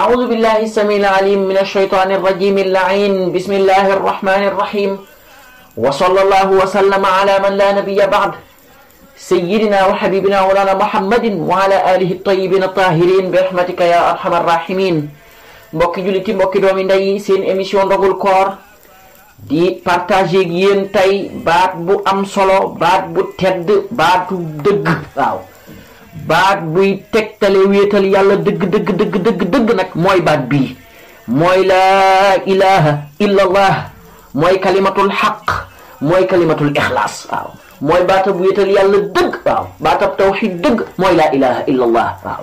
أعوذ بالله السميع العليم من الشيطان الرجيم اللعين بسم الله الرحمن الرحيم وصلى الله وسلم على من لا نبي بعد سيدنا وحبيبنا مولانا محمد وعلى آله الطيبين الطاهرين برحمتك يا أرحم الراحمين mbokki julliti mbokki doomi ndey سين émission ndogul koor دي بارتاجيك ak yéen tey baat bu am solo baat bu tedd baatu dëgg waaw baat buy tegtale wéetal yàlla dëgg dëgg dëgg dëgg dëgg nag mooy baat bii mooy laa ilaha illa mooy kalimatul xaq mooy kalimatul ixlaas waaw mooy baatab wéetal yàlla dëgg waaw baatab tawxid dëgg mooy laa ilaha illa waaw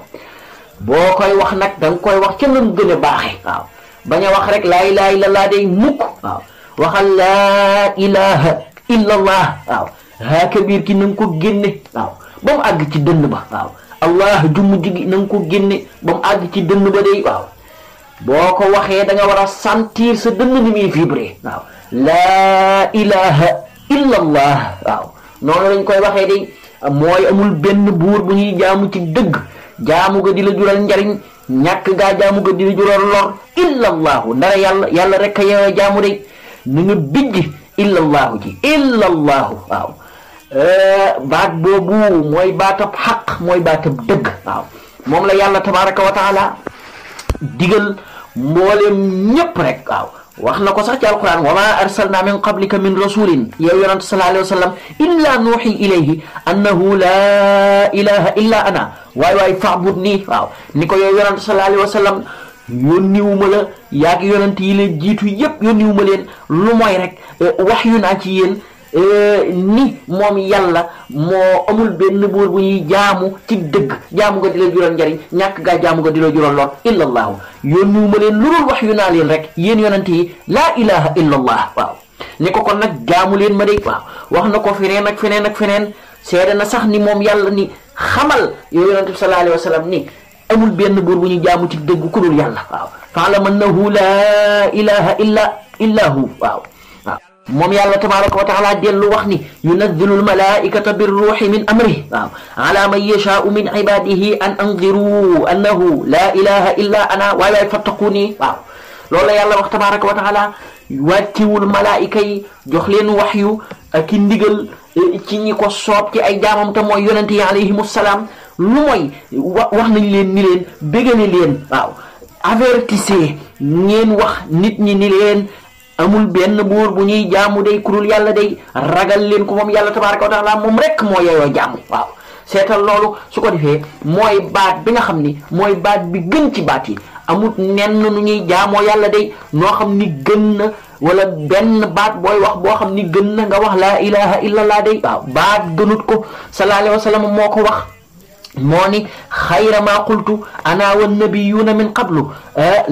boo koy wax nag da koy wax ca nam gën a baaxe waaw bañ a wax rek laa ilaha illa day mukk waaw waxal laa ilaha illa waaw haa kabiir ki na ko génne waaw Bom ag ci dënn ba waw allah ju jigi nang bom ko genné bam ag ci dënn ba day waw boko waxé da nga wara sentir sa ni mi vibré waw la ilaha illa allah waw non lañ koy waxé day moy amul benn bour bu ñuy jaamu ci dëgg jaamu ga di la jural njariñ ñak ga jaamu ga di jural lor illa allah ndara yalla yalla rek a yewa jaamu day ni bijj illa allah ji illa allah waw Euh, baat boobu mooy baatab xaq mooy baatab dëgg waaw moom la yàlla tabaraka wa taala digal mboolem ñépp rek waaw wax na ko sax ci alquran wa ma arsalna min qablika min rasulin yow yonante sallallahu alayhi wa sallam illa nuuxi ilayhi annahu la ilaha illa ana waay waay faabud nii waaw ni ko yow yonante sallallahu alayhi wa sallam yónniwuma la yaa ngi yonante yi leen jiitu yépp yónniwuma leen lu mooy rek eh, wax yu naa ci yéen Euh, ni moom yàlla moo amul benn buur bu ñuy jaamu ci dëgg jaamu nga di la jural njariñ ñàkk gaa jaamu nga di la jural lor illallahu yónniwuma leen lu dul wax yu naa leen rek yéen yonante yi laa ilaha illallah waaw ni ko kon nag jaamu leen ma de waaw wax na ko feneen ak feneen ak feneen seede na sax ni moom yàlla ni xamal yow yonante bi sallallahu alayhi wa sallam ni amul benn buur bu ñuy jaamu ci dëgg ku dul yàlla waaw faalam annahu laa ilaha illa illahu waaw moom yàlla tabaraka wa taala dellu wax ni yunazzilu almalaikata birruuxi min amrih waaw ala man yashaau min ibadihi an andiru annahu la ilaha illa ana waay waay fattaquuni waaw loolu la yàlla wax tabaraka wa taala wàcciwul malaayika yi jox leen wax yu ak i ndigal e, ci ñi ko soob ci ay jaamam te mooy yonente yi alayhimu salaam lu mooy wa wax nañ leen ni leen bégale leen waaw avertissez ngeen wax nit ñi ni leen amul benn buur bu ñuy jaamu day kurul yàlla day ragal leen ko moom yàlla tabaaraka wa taala moom rek moo yeyoo jaamu waaw seetal loolu su ko defee mooy baat bi nga xam ni mooy baat bi gën ci baat yi amut nenn nu ñuy jaamoo yàlla day noo xam ni gën na wala benn baat booy wax boo xam ni gën na nga wax la ilaha illallah day baat gënut ko sallallahu alayhi wa sallam moo ko wax moo ni xayra ma qultu ana wa nabiyuna min qablu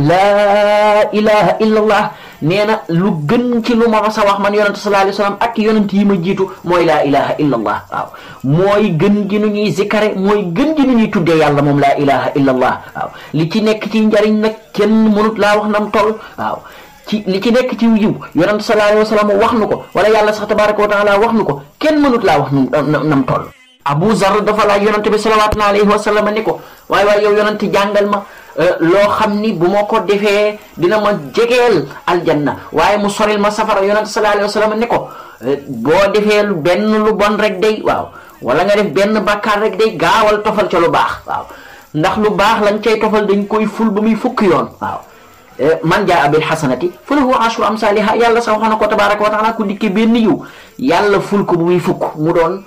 laa ilaha illallah nee na lu gën ci lu ma mas wax man yonent sallallahu alayhi wa sallam ak yonent yi ma jiitu mooy laa ilaha illallah waaw mooy gën ji nu ñuy zikare mooy gën ji nu ñuy tuddee yàlla moom laa ilaha illallah li ci nekk ci njariñ nag kenn mënut laa wax nam toll waaw ci li ci nekk ci yiw yonent sallallahu alayhi wa sallam wax nu ko wala yàlla sax tabaraka wa taala wax nu ko kenn mënut laa wax nam toll Abu Zar dafa laaj yonent bi sallallahu alayhi wa ni ko waaye waaye yow yonent jàngal ma Euh, loo xam ni bu ma ko defee dina ma jegeel aljanna waaye mu soril ma safara yonente sallallahu alayhi wa sallam ne ko euh, boo defee lu benn lu bon rek day waaw wala nga def benn bàkkaar rek day gaawal tofal ca lu baax waaw ndax lu baax lañ cay tofal dañ koy ful ba muy fukki yoon waaw euh, man jaa bil xasanati fa lahu ashru amsaliha yàlla sax wax na ko tabaraka wa taala ku dikkee benn yiw yàlla ful ko bu muy fukk mu doon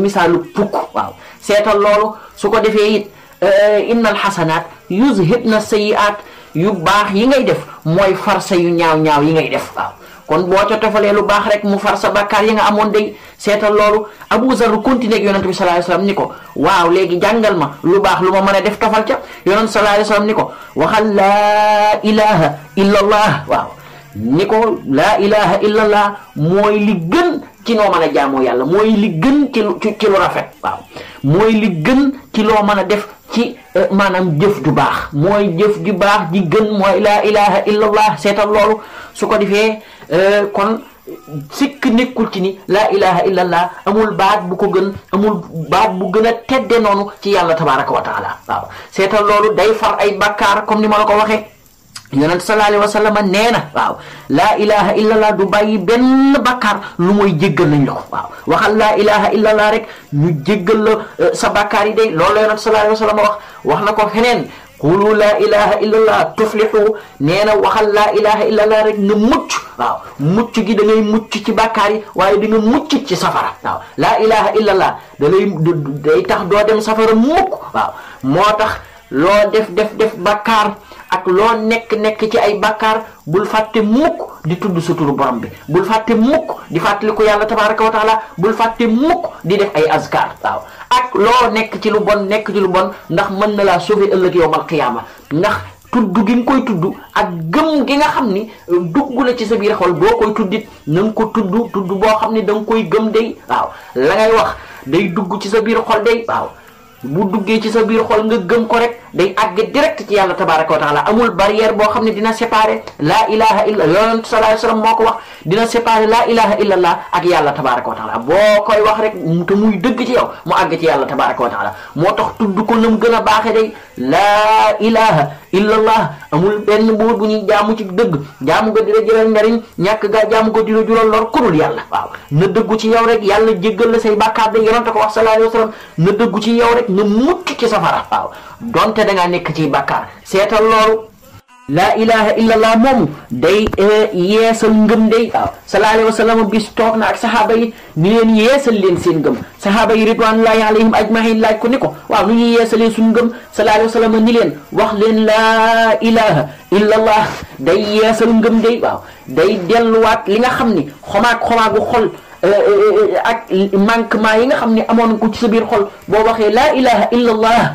misaalu fukk waaw seetal loolu su ko defee it Eh, innal xasanaat yuzhibna sayyi'aat yu baax yi ngay def mooy farsa yu ñaaw ñaaw yi ngay def waaw kon boo ca tofalee lu baax rek mu farsa bàkkaar yi nga amoon day seetal loolu Abu Zarr continué ak yonent bi sallallahu alayhi wasallam ni ko waaw léegi jàngal ma lu baax lu ma mën a def tofal ca yonent sallallahu alayhi wasallam ni ko waxal laa ilaha illallah waaw ni ko mooy li gën ci noo mën a jaamoo yàlla mooy li gën ci ci rafet waaw mooy li ci loo mën a def ci eh, maanaam jëf ju baax mooy jëf ju baax ji gën mooy laa ilaha illallah seetal loolu su ko defee eh, kon sikk nekkul ci ni laa ilaha illallah amul baat bu ko gën amul baat bu gën a tedde noonu ci yàlla tabaraka wa taala waaw seetal loolu day far ay bakkaar comme ni ma la ko waxee yonent sallallahu alayhi wa sallam na waaw laa illah illallah du bàyyi benn bakkaar lu mooy jéggal nañ la waaw waxal laa ilaha illallah rek ñu jéggal euh, sa bakkaar yi day loolu la wax na ko feneen qulu laa ilaha illallah tuflihu nee na waxal laa ilaha illallah rek nga mucc gi dangay ngay mucc ci bàkkaar yi waaye di nga mucc ci safara la laa ilaha illallah da lay day tax doo dem safara mukk moo tax loo def def def bakkaar ak loo nekk-nekk ci ay bàkkaar bul fàtte mukk di tudd suturu borom bi bul fàtte mukk di fàttaliku yàlla tabaraka wa taala bul fàtte mukk di def ay azkar waaw ak loo nekk ci lu bon nekk ci lu bon ndax mën na laa sauver ëllëg yowmal qiyaama ndax tudd gi nga koy tudd ak gëm gi nga xam ni euh, dugg na ci sa biir xol boo koy tuddit na nga ko tudd tudd boo xam ni da nga koy gëm day waaw la ngay wax day dugg ci sa biir xol day waaw bu duggee ci sa biir xol nga gëm ko rek day àgg direct ci yàlla tabaraka wa taala amul barrière boo xam ne dina séparer laa ilaha illa yonent sallallahu alayhi wasallam moo ko wax dina séparer laa ilaha illa allah ak yàlla tabaraka wa taala boo koy wax rek te muy dëgg ci yow mu àgg ci yàlla tabaraka wa taala moo tax tudd ko nam gën a baaxe day laa ilaha illallah amul benn buur bu ñuy jaamu ci dëgg jaamu ko di la jëral njariñ ñàkk gaa jaamu ko la jural lor kudul yàlla waaw na dëggu ci yow rek yàlla jéggal la say bàkkaar de yonente ko wax sallallahu alayhi wa sallam na dëggu ci yow rek nga mucc ci safara waaw donte da ngaa nekk ci bàkkaar seetal loolu لا إله إلا الله موم yeesal ngëm day waaw صلى الله عليه وسلم بيستوك ناك صحابي ak saxaaba yi ni leen yeesal leen seen ngëm saxaaba yi ridwanullahi alayhim ajmahin laaj ko ni ko waaw nu ñuy yeesalee suñu ngëm sallallahu alayhi wa sallam ni leen wax leen laa ilaha illallah day yeesal ngëm day waaw day delluwaat li ak manquement yi nga ko ci sa biir xol ilaha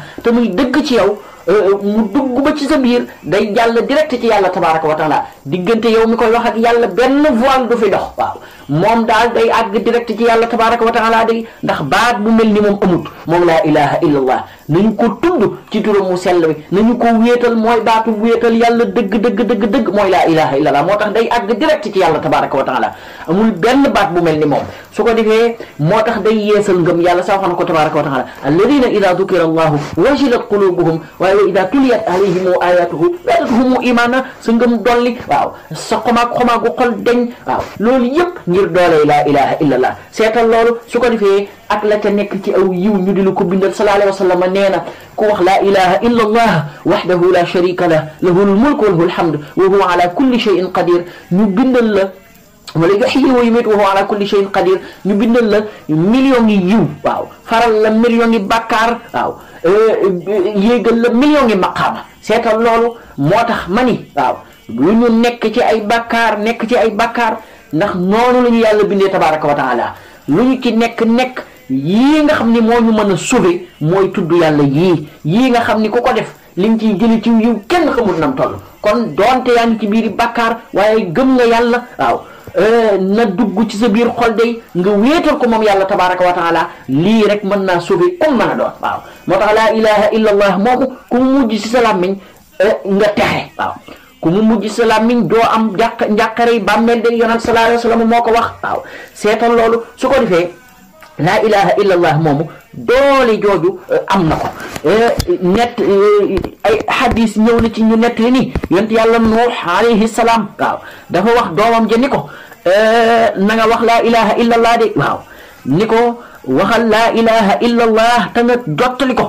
ci yow Euh, mu dugg ba ci sa biir day jàll direct ci yàlla tabaraka wa taala diggante yow mi koy wax ak yàlla benn voile du fi dox waaw moom daal day àgg direct ci yàlla tabaraka wa taala day ndax baat bu mel ni moom amut moom laa ilaha illa allah nañu ko tudd ci turam mu sell bi nañu ko wéetal mooy baatu wéetal yàlla dëgg dëgg dëgg dëgg mooy laa ilaha illa allah moo tax day àgg direct ci yàlla tabaraka wa taala amul benn baat bu mel ni moom su ko defee moo tax day yeesal ngëm yàlla sa waxoon ko tabaraka wa taala alladina ida dukira allahu wajilat qulubuhum waaye wa ida tuliyat alayhim ayatuhu zadatuhum imaana sa ngëm dolli waaw sa xomaag xomaagu xol deñ waaw loolu yëpp ngir dooley la ilaha illallah seetal loolu su ko defee ak la ca nekk ci aw yiw ñu di la ko bindal sallallahu alayhi wa sallam nee na ku wax laa ilaha illa allah waxdahu la sharika lah lahu lmulk wa lahu lhamd wa huwa ala kulli cheyin qadir ñu bindal la wala yuxyi wa yumit wa huwa ala kulli cheyin qadir ñu bindal la million yi yiw waaw faral la million yi bàkkaar waaw yéegal la million yi maqaama seetal loolu moo tax ma ni waaw bu ñu nekk ci ay bàkkaar nekk ci ay bàkkaar ndax noonu la ñu yàlla bindee tabaraka wa taala lu ñu ci nekk nekk yii nga xam ni moo ñu mën a sauvé mooy tudd yàlla yii yii nga xam ni ku ko def li nga ciy jëli ci yu kenn xamul nam toll kon doonte yaa ngi ci biiri bàkkaar waaye gëm nga yàlla waaw na dugg ci sa biir xol day nga wéetal ko moom yàlla tabaraka wa taala lii rek mën naa sauvé comme mën a doon waaw moo tax laa ilaha illa allah moomu ku mujj si sa làmmiñ nga texe waaw kumu mu mujj doa do am njàq njàqare bàmmeel de yonan salallahu alayhi wasallam moko wax setan su ko la ilaha illallah momu doole joju eh, am nako eh, net eh, ay hadis ñew na ci ñu net ni yent yalla no alayhi salam waaw dafa wax doomam ja ni nga wax la ilaha illallah de waw niko wak waxal la ilaha illallah ta nga jottali ko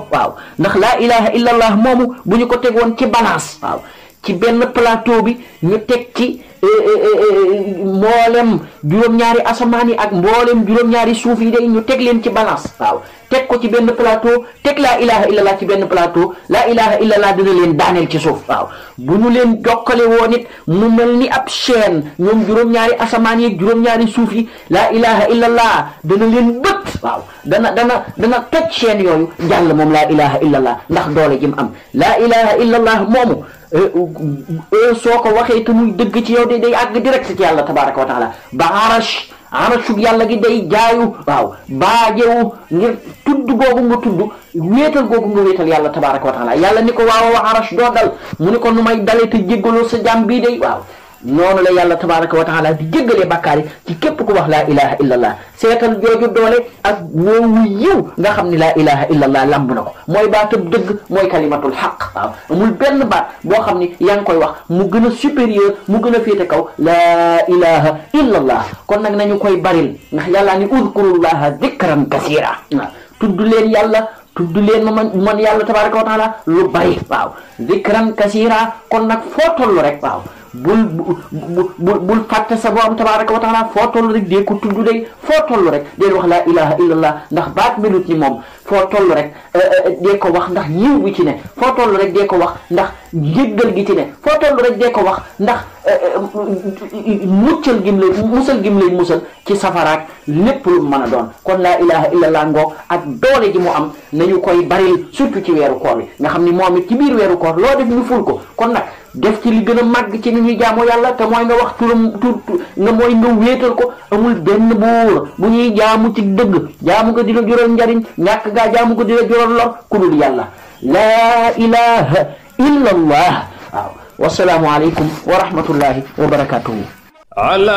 ndax la ilaha illallah momu bu ñu ko won ci balance waw ci benn plateau bi ñu teg ci eh, eh, eh, mboolem juróom-ñaari asamaan yi ak mboolem juróom-ñaari suuf yi day ñu teg leen ci balance waaw teg ko ci benn plateau teg la ilaha illallah ci benn plateau la ilaha illallah dina leen daaneel ci suuf waaw bu ñu leen jokkale woon nit mu mel ni ab chaîne ñoom juróom-ñaari asamaan yi juróom-ñaari suuf yi laa ilaha illallah dana leen bët waaw dana dana dana toj yo yooyu jàll moom la ilaha illallah ndax doole jim am la ilaha illallah moomu soo ko waxee te muy dëgg ci yow de day àgg direct ci yàlla tabaraka wa taala ba arash arashug yàlla gi day jaayu waaw baajewu ngir tudd googu nga tudd wéetal googu nga wéetal yàlla tabaraka wa taala yàlla ni ko waaw wa arash doo dal mu ni ko nu may dalee te jéggaloo sa jàmm bii day waaw noonu la yàlla tabaraka wa taala di jéggalee bàkkaar yi ci képp ku wax laa ilaha illallah seetal jooju doole ak woowu nga xam ni laa ilaha illallah lamb na ko mooy baatab dëgg mooy kalimatul xaq amul benn baat boo xam ni yaa ngi koy wax mu gën a supérieur mu gën a féete kaw laa ilaha illallah kon nag nañu koy baril ndax yàllaa ni udkurullaha dikran kasira waaw tudd leen yàlla tudd leen ma man man yàlla tabaraka wa taala lu bari waaw dikran kasira kon nag foo toll rek waaw bul bul bul fàtte sa borom tabaraka wa taala foo toll rek dee ko tudd day foo toll rek dee wax laa ilaha illallah ndax baat melut ni moom foo toll rek eh, eh, eh, dee ko wax ndax yiw bi ci ne foo toll rek dee ko wax ndax njéggal gi ci ne foo toll rek dee ko wax ndax mm, muccal gim lay musal gim lay musal ci safaraak lépp lu mën a doon kon laa ilaha illallah ngoog ak doole ji mu am nañu koy baril surtout ci weeru koor bi nga xam ni moom it ci biir weeru koor loo def ñu ful ko kon nag def ci li gën ci ni ñuy jaamoo yàlla te mooy nga wax turam tur nga mooy nga wéetal ko amul benn buur bu ñuy jaamu ci dëgg jaamu ko dina jural nga ñàkk ga jaamu ko dina jural lor ku dul yàlla laa ilaha illa allah waaw wasalaamu aleykum wa rahmatullahi wa barakatuhu ala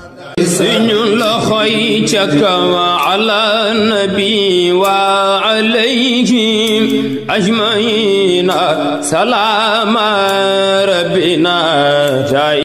سن لخي چكا على النبي وعليهم أجمعين سلام ربنا جاي